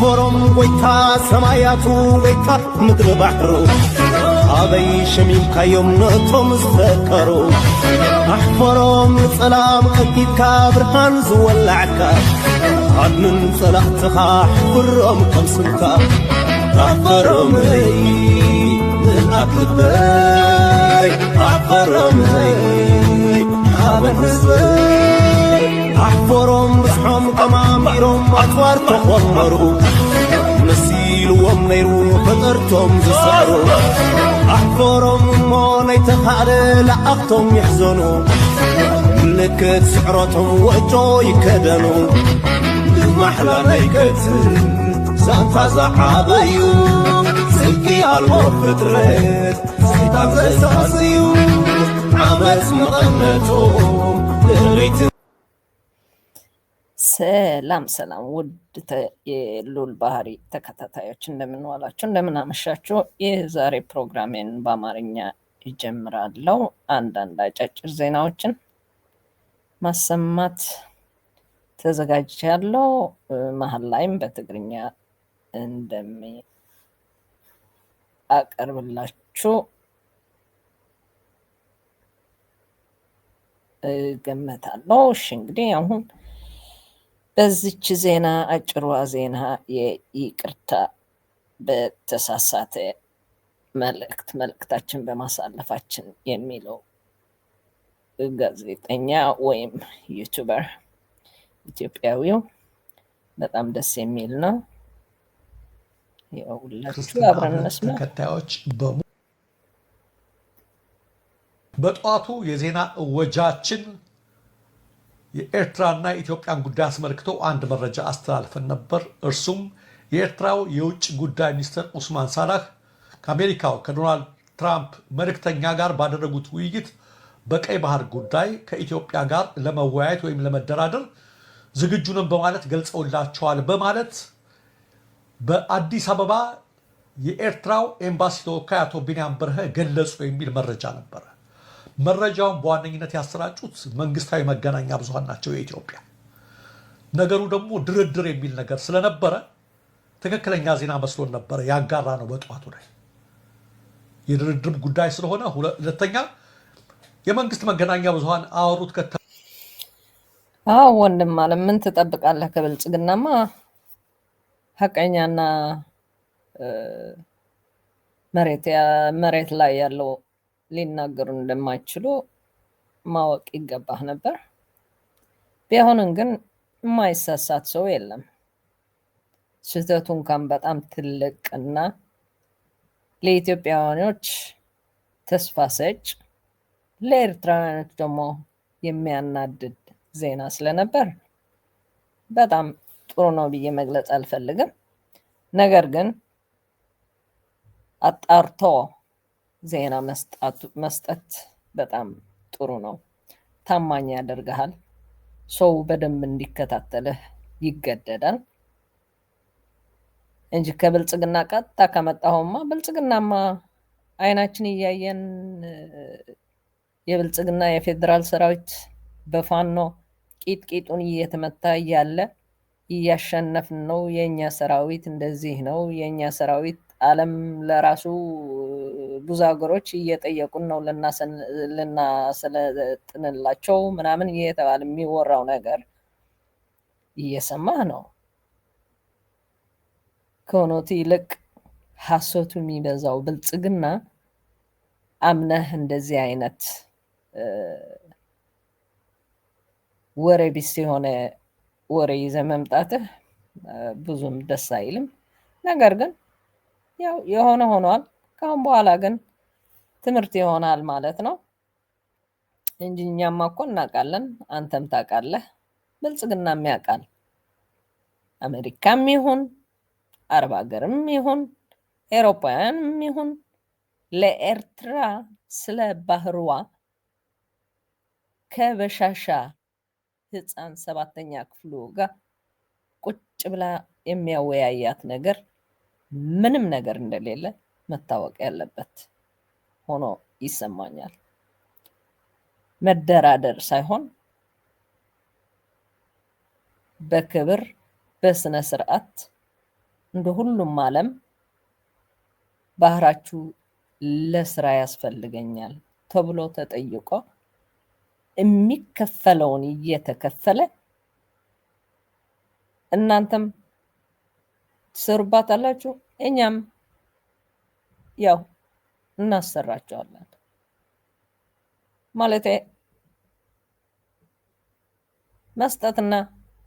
فرم ويتا سماياتو ويتا مدر بحرو أبي شميم كيوم نتوم زكرو أحفرم سلام أكيد كابرهان زولعكا أدنن سلاح تخاح فرم كم سلطا أحفرم هي من أكبر أحفرم هي أبن زكرو أحفرهم بصحهم قماميرهم أطوارتهم ومرقوا نسيل ومنيرو فطرتهم زسارو أحفرهم موني تخعل لأقتهم يحزنوا لكت سعرتهم وجو يكدنوا محلى نيكت سانتا زعابيو سلكي ألوان فطرت سيطان زي ساسيو عمت مغنتهم لغيت ሰላም ሰላም ውድ የሉል ባህሪ ተከታታዮች እንደምንዋላችሁ እንደምናመሻችሁ። ይህ ዛሬ ፕሮግራሜን በአማርኛ ይጀምራለው። አንዳንድ አጫጭር ዜናዎችን ማሰማት ያለው መሀል ላይም በትግርኛ አቀርብላችሁ እገምታለሁ። እሺ እንግዲህ አሁን በዚች ዜና አጭሯ ዜና የይቅርታ በተሳሳተ መልእክት መልእክታችን በማሳለፋችን የሚለው ጋዜጠኛ ወይም ዩቱበር ኢትዮጵያዊው በጣም ደስ የሚል ነው። ሁላችሁ ተከታዮች በጠዋቱ የዜና እወጃችን የኤርትራና የኢትዮጵያን ጉዳይ አስመልክቶ አንድ መረጃ አስተላልፈን ነበር። እርሱም የኤርትራው የውጭ ጉዳይ ሚኒስትር ኡስማን ሳላህ ከአሜሪካው ከዶናልድ ትራምፕ መልእክተኛ ጋር ባደረጉት ውይይት በቀይ ባህር ጉዳይ ከኢትዮጵያ ጋር ለመወያየት ወይም ለመደራደር ዝግጁንም በማለት ገልጸውላቸዋል በማለት በአዲስ አበባ የኤርትራው ኤምባሲ ተወካይ አቶ ቢንያም በርሀ ገለጹ የሚል መረጃ ነበረ። መረጃውን በዋነኝነት ያሰራጩት መንግስታዊ መገናኛ ብዙሃን ናቸው። የኢትዮጵያ ነገሩ ደግሞ ድርድር የሚል ነገር ስለነበረ ትክክለኛ ዜና መስሎን ነበረ ያጋራ ነው በጠዋቱ ላይ የድርድር ጉዳይ ስለሆነ ሁለተኛ የመንግስት መገናኛ ብዙሀን አወሩት ከተ አዎ ወንድም አለ ምን ትጠብቃለህ? ከብልጽግናማ ሀቀኛና መሬት ላይ ያለው ሊናገሩ እንደማይችሉ ማወቅ ይገባህ ነበር። ቢሆንም ግን የማይሳሳት ሰው የለም። ስህተቱ እንኳን በጣም ትልቅ እና ለኢትዮጵያውያኖች ተስፋ ሰጭ፣ ለኤርትራውያኖች ደግሞ የሚያናድድ ዜና ስለነበር በጣም ጥሩ ነው ብዬ መግለጽ አልፈልግም። ነገር ግን አጣርቶ ዜና መስጠት በጣም ጥሩ ነው። ታማኝ ያደርግሃል። ሰው በደንብ እንዲከታተልህ ይገደዳል እንጂ ከብልጽግና ቀጥታ ከመጣሁማ ብልጽግናማ አይናችን እያየን የብልጽግና የፌዴራል ሰራዊት በፋኖ ቂጥ ቂጡን እየተመታ እያለ እያሸነፍን ነው፣ የእኛ ሰራዊት እንደዚህ ነው፣ የእኛ ሰራዊት ዓለም ለራሱ ብዙ ሀገሮች እየጠየቁን ነው ልናሰለጥንላቸው ምናምን እየተባለ የሚወራው ነገር እየሰማህ ነው። ከሆኖት ይልቅ ሀሰቱ የሚበዛው ብልጽግና አምነህ እንደዚህ አይነት ወሬ ቢስ የሆነ ወሬ ይዘህ መምጣትህ ብዙም ደስ አይልም። ነገር ግን ያው የሆነ ሆኗል። ከአሁን በኋላ ግን ትምህርት ይሆናል ማለት ነው እንጂ እኛማ እኮ እናውቃለን፣ አንተም ታውቃለህ፣ ብልጽግናም ያውቃል። አሜሪካም ይሁን አረብ ሀገርም ይሁን ኤሮፓውያንም ይሁን ለኤርትራ ስለ ባህርዋ ከበሻሻ ህፃን ሰባተኛ ክፍሉ ጋር ቁጭ ብላ የሚያወያያት ነገር ምንም ነገር እንደሌለ መታወቅ ያለበት ሆኖ ይሰማኛል። መደራደር ሳይሆን በክብር በስነ ስርዓት እንደ ሁሉም ዓለም ባህራችሁ ለስራ ያስፈልገኛል ተብሎ ተጠይቆ የሚከፈለውን እየተከፈለ እናንተም ትሰሩባት አላችሁ። እኛም ያው እናሰራቸዋለን ማለት መስጠትና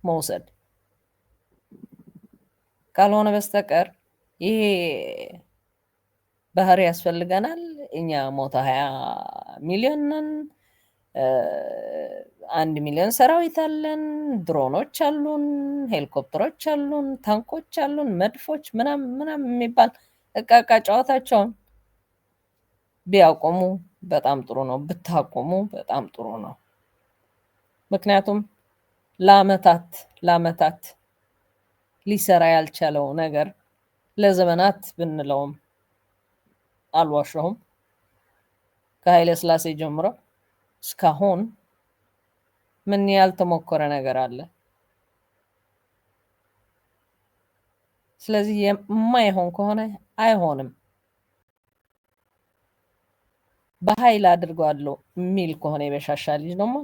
መውሰድ ካልሆነ በስተቀር ይሄ ባህር ያስፈልገናል። እኛ ሞታ ሀያ ሚሊዮን ነን አንድ ሚሊዮን ሰራዊት አለን፣ ድሮኖች አሉን፣ ሄሊኮፕተሮች አሉን፣ ታንኮች አሉን፣ መድፎች ምናምን ምናምን የሚባል እቃቃ ጨዋታቸውን ቢያቆሙ በጣም ጥሩ ነው። ብታቆሙ በጣም ጥሩ ነው። ምክንያቱም ለአመታት ለአመታት ሊሰራ ያልቻለው ነገር ለዘመናት ብንለውም አልዋሸውም። ከኃይለ ስላሴ ጀምሮ እስካሁን ምን ያልተሞከረ ነገር አለ? ስለዚህ የማይሆን ከሆነ አይሆንም። በኃይል አድርጓለሁ የሚል ከሆነ የበሻሻ ልጅ ደግሞ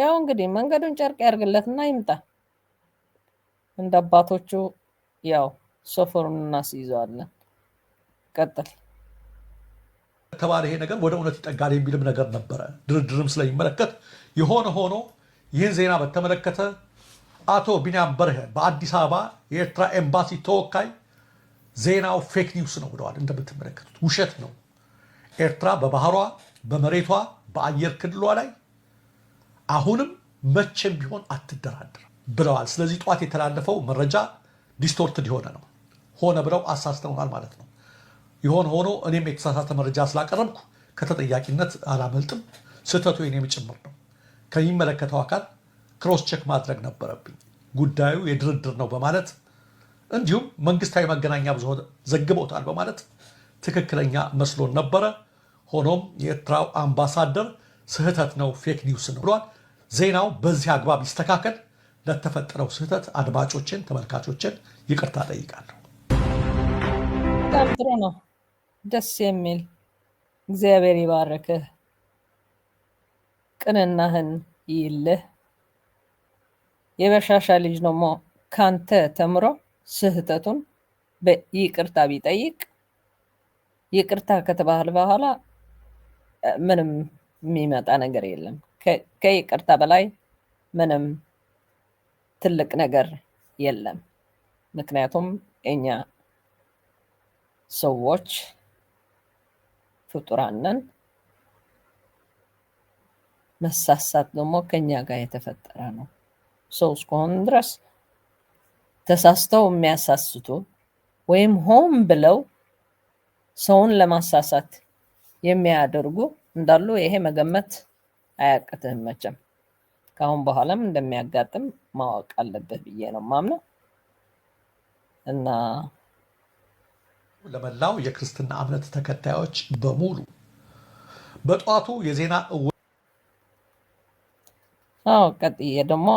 ያው እንግዲህ መንገዱን ጨርቅ ያርግለትና ይምጣ። እንደ አባቶቹ ያው ሶፈሩን እናስይዘዋለን። ቀጥል ተባለ። ይሄ ነገር ወደ እውነት ይጠጋል የሚልም ነገር ነበረ፣ ድርድርም ስለሚመለከት የሆነ ሆኖ ይህን ዜና በተመለከተ አቶ ቢንያም በርሄ በአዲስ አበባ የኤርትራ ኤምባሲ ተወካይ ዜናው ፌክ ኒውስ ነው ብለዋል። እንደምትመለከቱት ውሸት ነው። ኤርትራ በባህሯ፣ በመሬቷ፣ በአየር ክልሏ ላይ አሁንም መቼም ቢሆን አትደራደርም ብለዋል። ስለዚህ ጠዋት የተላለፈው መረጃ ዲስቶርትድ የሆነ ነው። ሆነ ብለው አሳስተውናል ማለት ነው። የሆነ ሆኖ እኔም የተሳሳተ መረጃ ስላቀረብኩ ከተጠያቂነት አላመልጥም። ስህተቱ የኔም ጭምር ነው። ከሚመለከተው አካል ክሮስ ቼክ ማድረግ ነበረብኝ። ጉዳዩ የድርድር ነው በማለት እንዲሁም መንግስታዊ መገናኛ ብዙሃን ዘግበውታል በማለት ትክክለኛ መስሎን ነበረ። ሆኖም የኤርትራው አምባሳደር ስህተት ነው፣ ፌክ ኒውስ ነው ብሏል። ዜናው በዚህ አግባብ ይስተካከል። ለተፈጠረው ስህተት አድማጮችን፣ ተመልካቾችን ይቅርታ ጠይቃለሁ። ጥሩ ነው፣ ደስ የሚል እግዚአብሔር ይባርክህ። ቅንናህን ይልህ። የበሻሻ ልጅ ደግሞ ካንተ ተምሮ ስህተቱን ይቅርታ ቢጠይቅ ይቅርታ ከተባህል በኋላ ምንም የሚመጣ ነገር የለም። ከይቅርታ በላይ ምንም ትልቅ ነገር የለም። ምክንያቱም እኛ ሰዎች ፍጡራን ነን። መሳሳት ደግሞ ከኛ ጋር የተፈጠረ ነው። ሰው እስከሆን ድረስ ተሳስተው የሚያሳስቱ ወይም ሆን ብለው ሰውን ለማሳሳት የሚያደርጉ እንዳሉ ይሄ መገመት አያቅትህም። መቼም ከአሁን በኋላም እንደሚያጋጥም ማወቅ አለብህ ብዬ ነው ማምነው እና ለመላው የክርስትና እምነት ተከታዮች በሙሉ በጠዋቱ የዜና ቀጥዬ ደግሞ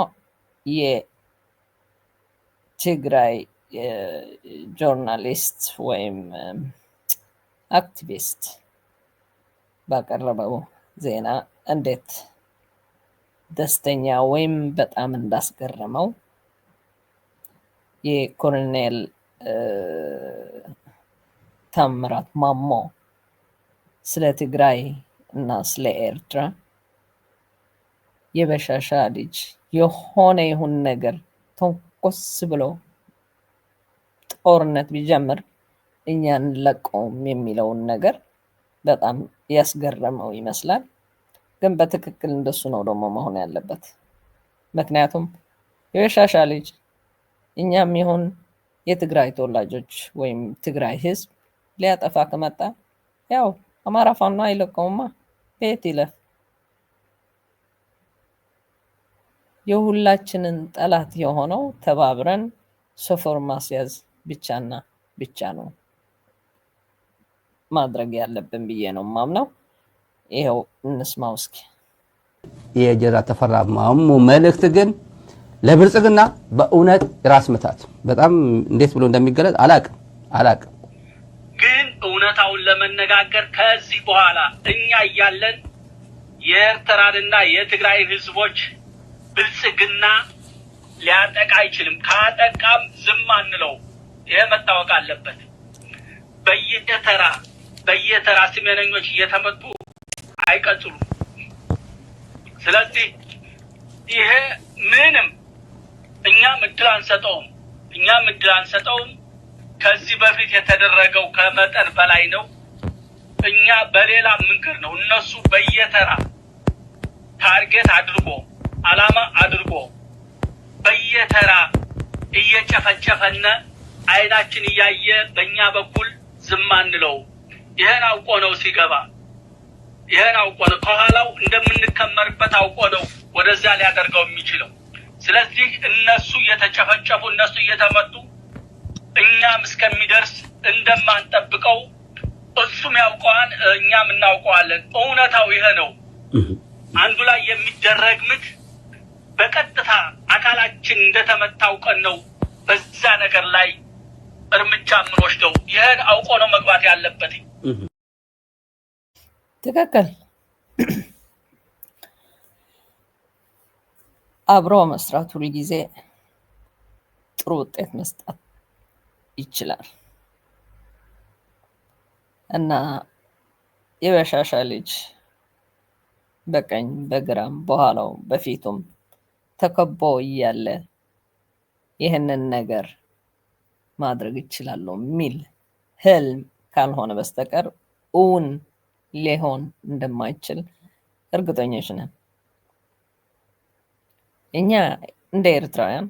የትግራይ ጆርናሊስት ወይም አክቲቪስት ባቀረበው ዜና እንዴት ደስተኛ ወይም በጣም እንዳስገረመው የኮሎኔል ታምራት ማሞ ስለ ትግራይ እና ስለ ኤርትራ የበሻሻ ልጅ የሆነ ይሁን ነገር ተንኮስ ብሎ ጦርነት ቢጀምር እኛ እንለቀውም የሚለውን ነገር በጣም ያስገረመው ይመስላል። ግን በትክክል እንደሱ ነው ደግሞ መሆን ያለበት። ምክንያቱም የበሻሻ ልጅ እኛም ይሁን የትግራይ ተወላጆች ወይም ትግራይ ሕዝብ ሊያጠፋ ከመጣ ያው አማራ ፋኖ አይለቀውማ፣ ቤት ይለፍ። የሁላችንን ጠላት የሆነው ተባብረን ሶፎር ማስያዝ ብቻና ብቻ ነው ማድረግ ያለብን ብዬ ነው ማምነው። ይኸው እንስማው እስኪ። የጀራ ተፈራ ማሙ መልእክት ግን ለብልጽግና በእውነት ራስ ምታት በጣም እንዴት ብሎ እንደሚገለጽ አላቅም አላቅም። ግን እውነታውን ለመነጋገር ከዚህ በኋላ እኛ እያለን የኤርትራንና የትግራይን ህዝቦች ብልጽግና ሊያጠቃ አይችልም። ካጠቃም ዝም አንለው። ይሄ መታወቅ አለበት። በየተራ በየተራ ስሜነኞች እየተመጡ አይቀጥሉም። ስለዚህ ይሄ ምንም እኛም እድል አንሰጠውም፣ እኛም እድል አንሰጠውም። ከዚህ በፊት የተደረገው ከመጠን በላይ ነው። እኛ በሌላ መንገድ ነው እነሱ በየተራ ታርጌት አድርጎ አላማ አድርጎ በየተራ እየጨፈጨፈነ አይናችን እያየ በእኛ በኩል ዝም አንለው። ይህን አውቆ ነው ሲገባ፣ ይህን አውቆ ነው ከኋላው እንደምንከመርበት አውቆ ነው ወደዛ ሊያደርገው የሚችለው። ስለዚህ እነሱ እየተጨፈጨፉ እነሱ እየተመቱ እኛም እስከሚደርስ እንደማንጠብቀው እሱም ያውቀዋል፣ እኛም እናውቀዋለን። እውነታው ይሄ ነው። አንዱ ላይ የሚደረግ ምት በቀጥታ አካላችን እንደተመታው ቀን ነው በዛ ነገር ላይ እርምጃ የምንወስደው። ይህን አውቆ ነው መግባት ያለበት። ትክክል። አብሮ መስራት ሁልጊዜ ጥሩ ውጤት መስጣት ይችላል እና የበሻሻ ልጅ በቀኝ በግራም በኋላው በፊቱም ተከቦ እያለ ይህንን ነገር ማድረግ ይችላለሁ የሚል ህልም ካልሆነ በስተቀር እውን ሊሆን እንደማይችል እርግጠኞች ነን። እኛ እንደ ኤርትራውያን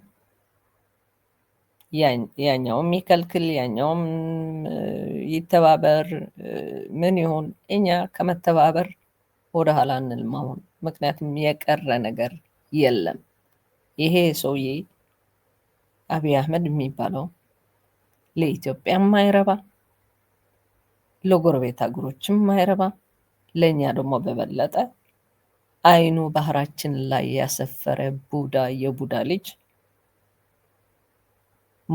ያኛውም ይከልክል፣ ያኛውም ይተባበር፣ ምን ይሁን እኛ ከመተባበር ወደኋላ እንልም። አሁን ምክንያቱም የቀረ ነገር የለም። ይሄ ሰውዬ አብይ አህመድ የሚባለው ለኢትዮጵያ ማይረባ ለጎረቤት አገሮችም ማይረባ ለእኛ ደግሞ በበለጠ አይኑ ባህራችን ላይ ያሰፈረ ቡዳ የቡዳ ልጅ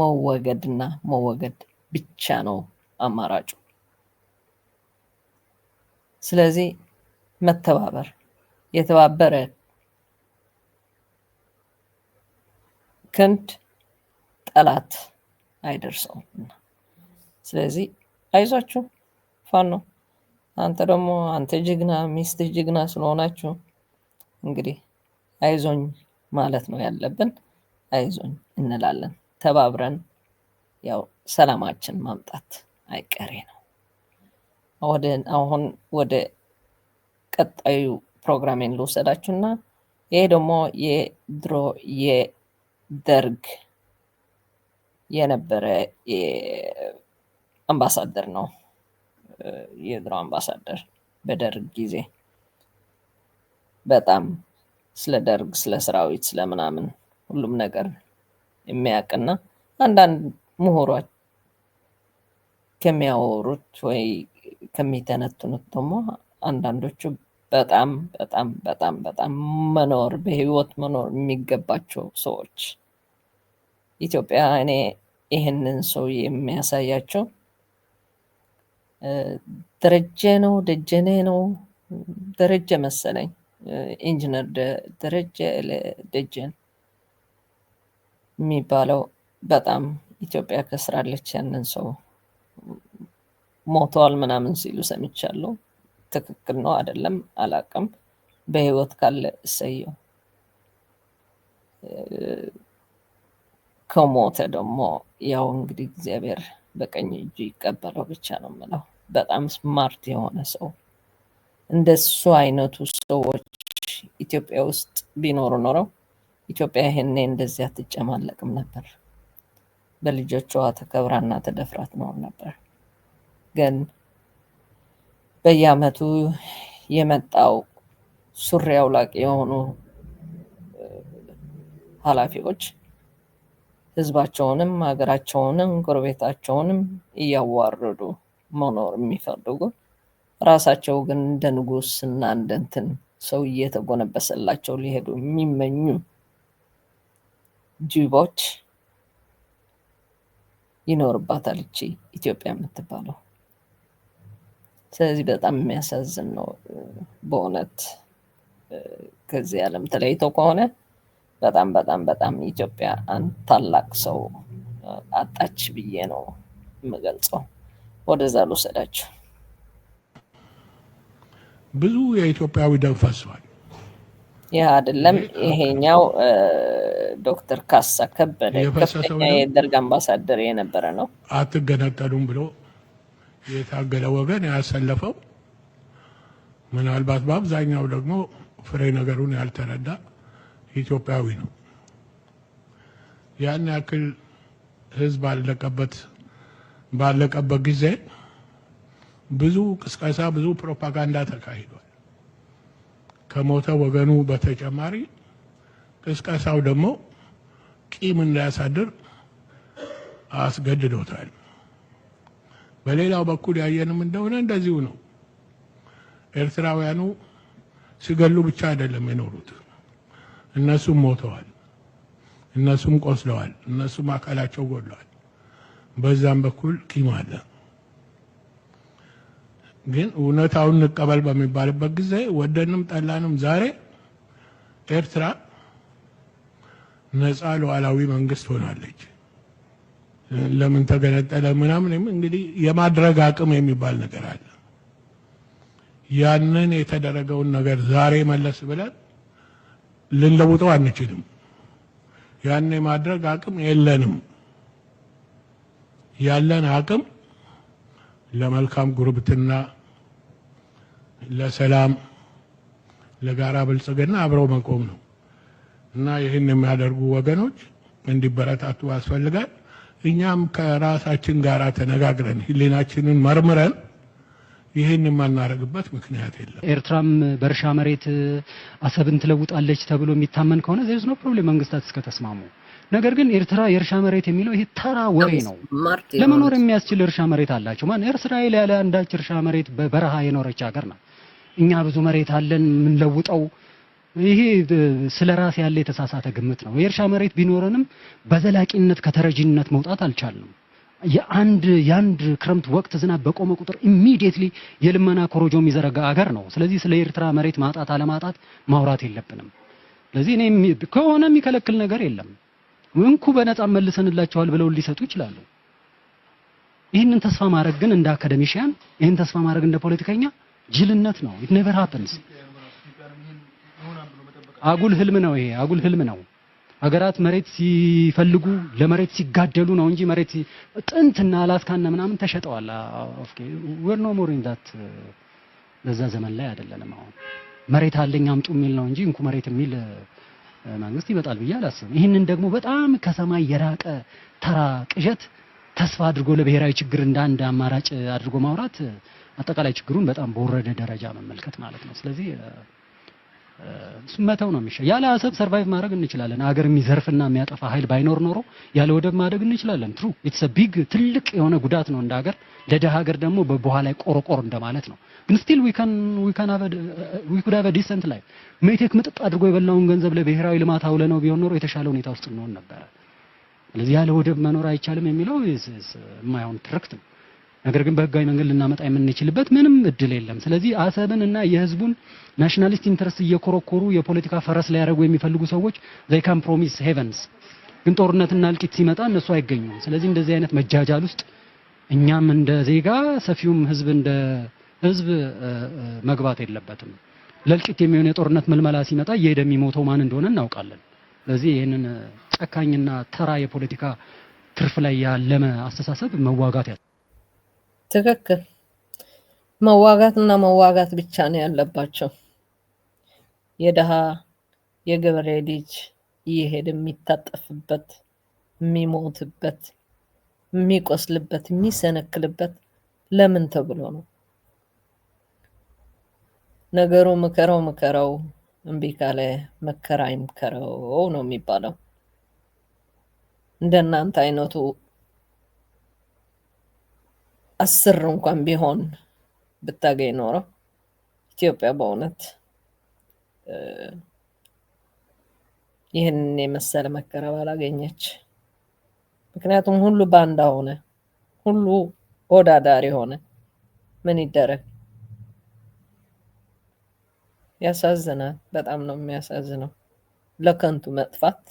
መወገድና መወገድ ብቻ ነው አማራጩ። ስለዚህ መተባበር የተባበረ ክንድ ጠላት አይደርሰውም። ስለዚህ አይዟችሁ ፋኖ፣ አንተ ደግሞ አንተ ጀግና፣ ሚስት ጀግና ስለሆናችሁ እንግዲህ አይዞኝ ማለት ነው ያለብን። አይዞኝ እንላለን። ተባብረን ያው ሰላማችን ማምጣት አይቀሬ ነው። አሁን ወደ ቀጣዩ ፕሮግራሜን ልውሰዳችሁና ይሄ ደግሞ የድሮ ደርግ የነበረ አምባሳደር ነው። የድሮ አምባሳደር በደርግ ጊዜ በጣም ስለ ደርግ፣ ስለ ሰራዊት፣ ስለ ምናምን ሁሉም ነገር የሚያውቅና አንዳንድ ምሁሯች ከሚያወሩት ወይ ከሚተነትኑት ደግሞ አንዳንዶቹ በጣም በጣም በጣም በጣም መኖር በህይወት መኖር የሚገባቸው ሰዎች ኢትዮጵያ እኔ ይህንን ሰው የሚያሳያቸው ደረጀ ነው ደጀኔ ነው ደረጀ መሰለኝ ኢንጂነር ደረጀ ደጀን የሚባለው በጣም ኢትዮጵያ ከስራለች ያንን ሰው ሞተዋል ምናምን ሲሉ ሰምቻለሁ ትክክል ነው አይደለም አላቅም። በህይወት ካለ እሰየው፣ ከሞተ ደግሞ ያው እንግዲህ እግዚአብሔር በቀኝ እጁ ይቀበለው ብቻ ነው የምለው። በጣም ስማርት የሆነ ሰው እንደሱ አይነቱ ሰዎች ኢትዮጵያ ውስጥ ቢኖሩ ኖረው ኢትዮጵያ ይሄኔ እንደዚያ አትጨማለቅም ነበር። በልጆቿ ተከብራና ተደፍራ ትኖር ነበር ግን በየአመቱ የመጣው ሱሪ አውላቅ የሆኑ ኃላፊዎች ህዝባቸውንም ሀገራቸውንም ጎረቤታቸውንም እያዋረዱ መኖር የሚፈልጉ ራሳቸው ግን እንደ ንጉስ እና እንደ እንትን ሰው እየተጎነበሰላቸው ሊሄዱ የሚመኙ ጅቦች ይኖርባታል። እቺ ኢትዮጵያ የምትባለው ስለዚህ በጣም የሚያሳዝን ነው በእውነት ከዚህ ዓለም ተለይቶ ከሆነ በጣም በጣም በጣም ኢትዮጵያ አንድ ታላቅ ሰው አጣች ብዬ ነው የምገልጸው። ወደዛ ልውሰዳችሁ። ብዙ የኢትዮጵያዊ ደም ፈሷል። ይህ አይደለም ይሄኛው ዶክተር ካሳ ከበደ ከፍተኛ የደርግ አምባሳደር የነበረ ነው። አትገነጠሉም ብሎ የታገለ ወገን ያሰለፈው ምናልባት በአብዛኛው ደግሞ ፍሬ ነገሩን ያልተረዳ ኢትዮጵያዊ ነው። ያን ያክል ህዝብ አለቀበት ባለቀበት ጊዜ ብዙ ቅስቀሳ፣ ብዙ ፕሮፓጋንዳ ተካሂዷል። ከሞተ ወገኑ በተጨማሪ ቅስቀሳው ደግሞ ቂም እንዳያሳድር አስገድዶታል። በሌላው በኩል ያየንም እንደሆነ እንደዚሁ ነው። ኤርትራውያኑ ሲገሉ ብቻ አይደለም የኖሩት። እነሱም ሞተዋል፣ እነሱም ቆስለዋል፣ እነሱም አካላቸው ጎድለዋል። በዛም በኩል ቂም አለ። ግን እውነታውን እንቀበል በሚባልበት ጊዜ ወደንም ጠላንም ዛሬ ኤርትራ ነፃ ሉዓላዊ መንግስት ሆናለች። ለምን ተገነጠለ ምናምን እንግዲህ የማድረግ አቅም የሚባል ነገር አለ። ያንን የተደረገውን ነገር ዛሬ መለስ ብለን ልንለውጠው አንችልም። ያን የማድረግ አቅም የለንም። ያለን አቅም ለመልካም ጉርብትና፣ ለሰላም፣ ለጋራ ብልጽግና አብረው መቆም ነው እና ይህን የሚያደርጉ ወገኖች እንዲበረታቱ ያስፈልጋል። እኛም ከራሳችን ጋር ተነጋግረን ህሊናችንን መርምረን ይህን የማናረግበት ምክንያት የለም። ኤርትራም በእርሻ መሬት አሰብን ትለውጣለች ተብሎ የሚታመን ከሆነ ዘይዝ ነው ፕሮብሌም መንግስታት እስከተስማሙ። ነገር ግን ኤርትራ የእርሻ መሬት የሚለው ይሄ ተራ ወሬ ነው። ለመኖር የሚያስችል እርሻ መሬት አላቸው። ማን እስራኤል ያለ አንዳች እርሻ መሬት በበረሃ የኖረች ሀገር ናት። እኛ ብዙ መሬት አለን የምንለውጠው ይሄ ስለ ራስ ያለ የተሳሳተ ግምት ነው። የእርሻ መሬት ቢኖረንም በዘላቂነት ከተረጂነት መውጣት አልቻልንም። የአንድ የአንድ ክረምት ወቅት ዝናብ በቆመ ቁጥር ኢሚዲየትሊ የልመና ኮሮጆ የሚዘረጋ አገር ነው። ስለዚህ ስለ ኤርትራ መሬት ማጣት አለማጣት ማውራት የለብንም። ስለዚህ እኔ ከሆነ የሚከለክል ነገር የለም። እንኩ በነጻ መልሰንላቸዋል ብለው ሊሰጡ ይችላሉ። ይህንን ተስፋ ማድረግ ግን እንደ አካደሚሽያን፣ ይህን ተስፋ ማድረግ እንደ ፖለቲከኛ ጅልነት ነው። ኢት ኔቨር ሃፐንስ አጉል ህልም ነው ይሄ አጉል ህልም ነው። አገራት መሬት ሲፈልጉ ለመሬት ሲጋደሉ ነው እንጂ መሬት ጥንትና አላስካና ምናምን ተሸጠዋል። ኦኬ ወር ኖ ሞር ኢን ዳት በዛ ዘመን ላይ አይደለንም። አሁን መሬት አለኝ አምጡ የሚል ነው እንጂ እንኩ መሬት የሚል uh, መንግስት ይመጣል ብዬ አላስብም። ይህንን ደግሞ በጣም ከሰማይ የራቀ ተራ ቅዠት ተስፋ አድርጎ ለብሔራዊ ችግር እንደ አንድ አማራጭ አድርጎ ማውራት አጠቃላይ ችግሩን በጣም በወረደ ደረጃ መመልከት ማለት ነው። ስለዚህ uh, ስመተው ነው የሚሻ ያለ አሰብ ሰርቫይቭ ማድረግ እንችላለን። አገር የሚዘርፍና የሚያጠፋ ኃይል ባይኖር ኖሮ ያለ ወደብ ማደግ እንችላለን። ትሩ ኢትስ ቢግ ትልቅ የሆነ ጉዳት ነው እንደ ሀገር፣ ለደሃ ሀገር ደግሞ በበኋላ ላይ ቆረቆር እንደማለት ነው። ግን ስቲል ዊ ካን ዊ ካን ሀቭ ዊ ኩድ ሀቭ ዲሰንት ላይ ሜቴክ ምጥጥ አድርጎ የበላውን ገንዘብ ለብሔራዊ ልማት አውለ ነው ቢሆን ኖሮ የተሻለ ሁኔታ ውስጥ እንሆን ነበረ። ስለዚህ ያለ ወደብ መኖር አይቻልም የሚለው የማይሆን ትርክት ነው። ነገር ግን በህጋዊ መንገድ ልናመጣ የምንችልበት ምንም እድል የለም። ስለዚህ አሰብን እና የህዝቡን ናሽናሊስት ኢንተረስት እየኮረኮሩ የፖለቲካ ፈረስ ሊያደርጉ የሚፈልጉ ሰዎች ዘይ ካን ፕሮሚስ ሄቨንስ ግን ጦርነትና እልቂት ሲመጣ እነሱ አይገኙም። ስለዚህ እንደዚህ አይነት መጃጃል ውስጥ እኛም እንደ ዜጋ ሰፊውም ህዝብ እንደ ህዝብ መግባት የለበትም። ለእልቂት የሚሆን የጦርነት ምልመላ ሲመጣ እየሄደ የሚሞተው ማን እንደሆነ እናውቃለን። ስለዚህ ይህንን ጨካኝና ተራ የፖለቲካ ትርፍ ላይ ያለመ አስተሳሰብ መዋጋት ያ ትክክል መዋጋት እና መዋጋት ብቻ ነው ያለባቸው። የድሃ የገበሬ ልጅ እየሄደ የሚታጠፍበት የሚሞትበት የሚቆስልበት የሚሰነክልበት ለምን ተብሎ ነው? ነገሩ ምከረው ምከረው እምቢ ካለ መከራ ይምከረው ነው የሚባለው። እንደናንተ አይነቱ አስር እንኳን ቢሆን ብታገኝ ኖረው ኢትዮጵያ በእውነት ይህንን የመሰለ መቀረብ አላገኘች። ምክንያቱም ሁሉ ባንዳ ሆነ፣ ሁሉ ወዳዳሪ ሆነ። ምን ይደረግ? ያሳዝናል። በጣም ነው የሚያሳዝነው። ለከንቱ መጥፋት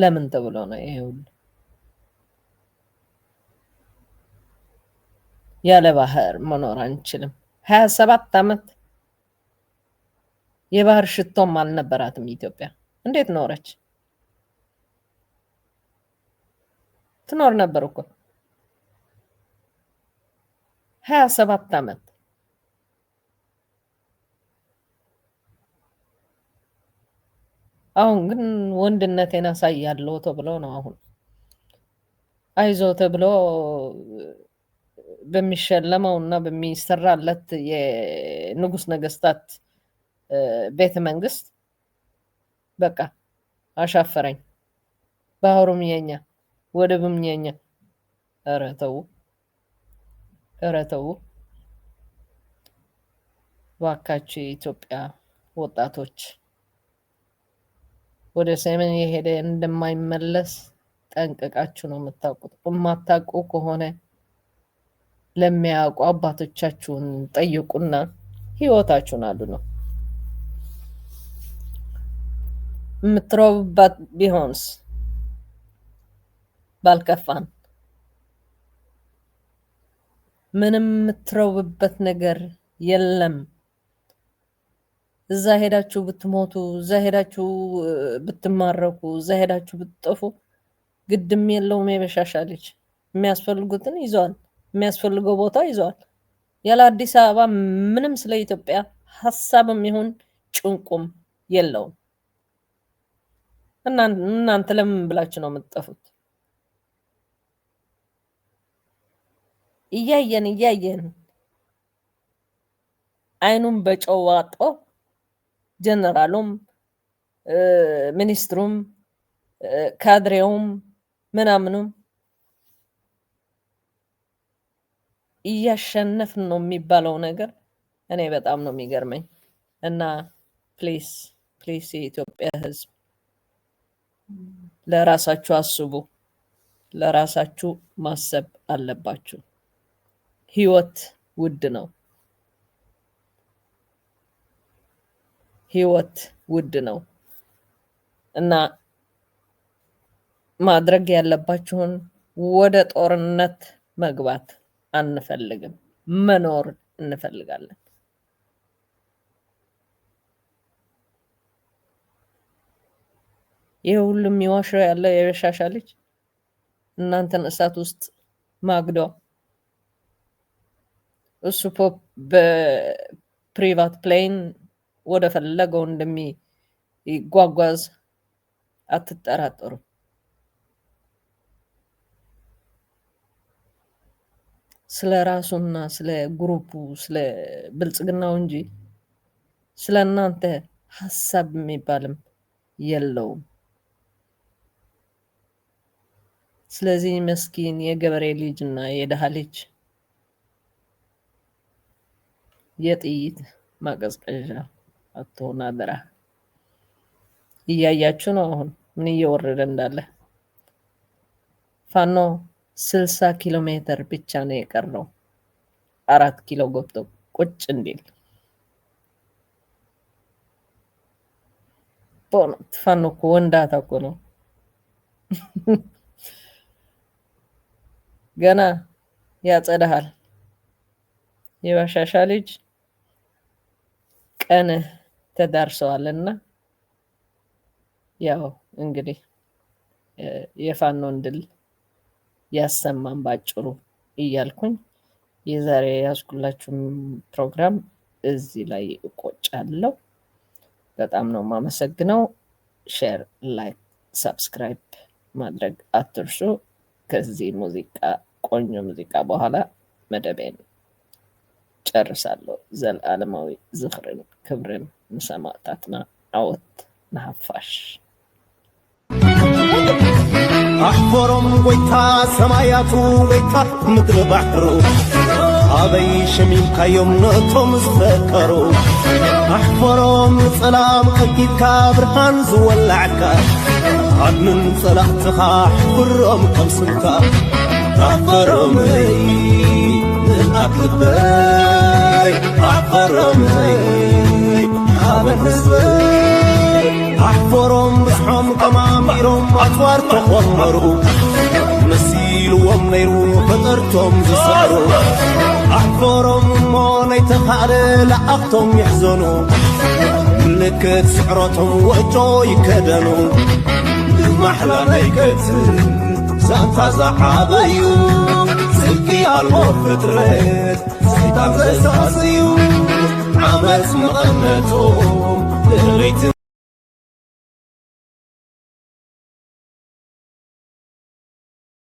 ለምን ተብሎ ነው ይሄ ሁሉ? ያለ ባህር መኖር አንችልም። ሀያ ሰባት አመት? የባህር ሽቶም አልነበራትም ኢትዮጵያ። እንዴት ኖረች? ትኖር ነበር እኮ ሀያ ሰባት ዓመት አሁን ግን ወንድነቴን አሳያለሁ ተብሎ ነው። አሁን አይዞ ተብሎ በሚሸለመው እና በሚሰራለት የንጉስ ነገስታት ቤተ መንግስት በቃ አሻፈረኝ። ባህሩም የኛ ወደብም የኛ። ኧረ ተው፣ ኧረ ተው እባካችሁ የኢትዮጵያ ወጣቶች ወደ ሰሜን የሄደ እንደማይመለስ ጠንቅቃችሁ ነው የምታውቁት። የማታውቁ ከሆነ ለሚያውቁ አባቶቻችሁን ጠይቁና ህይወታችሁን አሉ ነው የምትሮቡባት ቢሆንስ ባልከፋን ምንም የምትረውብበት ነገር የለም። እዛ ሄዳችሁ ብትሞቱ፣ እዛ ሄዳችሁ ብትማረኩ፣ እዛ ሄዳችሁ ብትጠፉ ግድም የለውም። የበሻሻ ልጅ የሚያስፈልጉትን ይዘዋል፣ የሚያስፈልገው ቦታ ይዘዋል። ያለ አዲስ አበባ ምንም ስለ ኢትዮጵያ ሀሳብም ይሁን ጭንቁም የለውም። እናንተ ለምን ብላችሁ ነው የምትጠፉት? እያየን እያየን አይኑን በጨው ዋጦ ጀነራሉም ሚኒስትሩም ካድሬውም ምናምኑም እያሸነፍን ነው የሚባለው ነገር እኔ በጣም ነው የሚገርመኝ። እና ፕሊስ ፕሊስ የኢትዮጵያ ሕዝብ ለራሳችሁ አስቡ። ለራሳችሁ ማሰብ አለባችሁ። ህይወት ውድ ነው። ህይወት ውድ ነው እና ማድረግ ያለባችሁን ወደ ጦርነት መግባት አንፈልግም፣ መኖር እንፈልጋለን። ይሄ ሁሉም የዋሻው ያለ የበሻሻ ልጅ እናንተን እሳት ውስጥ ማግዶ እሱ ፖፕ በፕሪቫት ፕሌን ወደ ፈለገው እንደሚጓጓዝ አትጠራጠሩ። ስለ ራሱና ስለ ግሩፑ ስለ ብልጽግናው እንጂ ስለ እናንተ ሀሳብ የሚባልም የለውም። ስለዚህ መስኪን የገበሬ ልጅ እና የድሃ ልጅ የጥይት ማቀዝቀዣ አትሆን አደራ። እያያችሁ ነው አሁን ምን እየወረደ እንዳለ። ፋኖ ስልሳ ኪሎ ሜትር ብቻ ነው የቀረው አራት ኪሎ ገብቶ ቁጭ እንዲል። በእውነት ፋኖ እኮ ወንዳታ እኮ ነው። ገና ያጸዳሃል። የባሻሻ ልጅ ቀንህ ተዳርሰዋልና ያው እንግዲህ የፋኖን ድል ያሰማን ባጭሩ እያልኩኝ የዛሬ ያዝኩላችሁም ፕሮግራም እዚህ ላይ እቆጫለሁ። በጣም ነው የማመሰግነው። ሼር፣ ላይክ፣ ሰብስክራይብ ማድረግ አትርሱ። ከዚህ ሙዚቃ ቆንጆ ሙዚቃ በኋላ መደቤን ጨርሳለሁ። ዘለዓለማዊ ዝኽርን ክብርን ንሰማዕታትና ዓወት ንሃፋሽ ኣሕፈሮም ጎይታ ሰማያቱ ጎይታ ምድሪ ባሕሩ ኣበይ ሸሚምካዮም ነቶም ዝፈከሩ ኣሕፈሮም ጸላም ቀጊድካ ብርሃን ዝወላዕካ ኣድምን ጸላእትኻ ኣሕፍሮም ከምስልካ عفرمي الأقلبي عفرمي حامل حزبي أحفرم بسحم قماميرم أطوار تخوان مرؤوب መሲሉ ወም ነይሩ ፈጠርቶም ዝሰሩ ኣሕፈሮም እሞ ናይተኻእለ ለኣኽቶም ይሕዘኑ ምልክት ስዕሮቶም ወጮ ይከደኑ ማሕላ ናይቀትል ዛንታ ዝዓበዩ ስልቲ ኣልቦ ፍጥረት ሰይጣን ዘሳስዩ ዓመፅ መቐነቶም ድሪት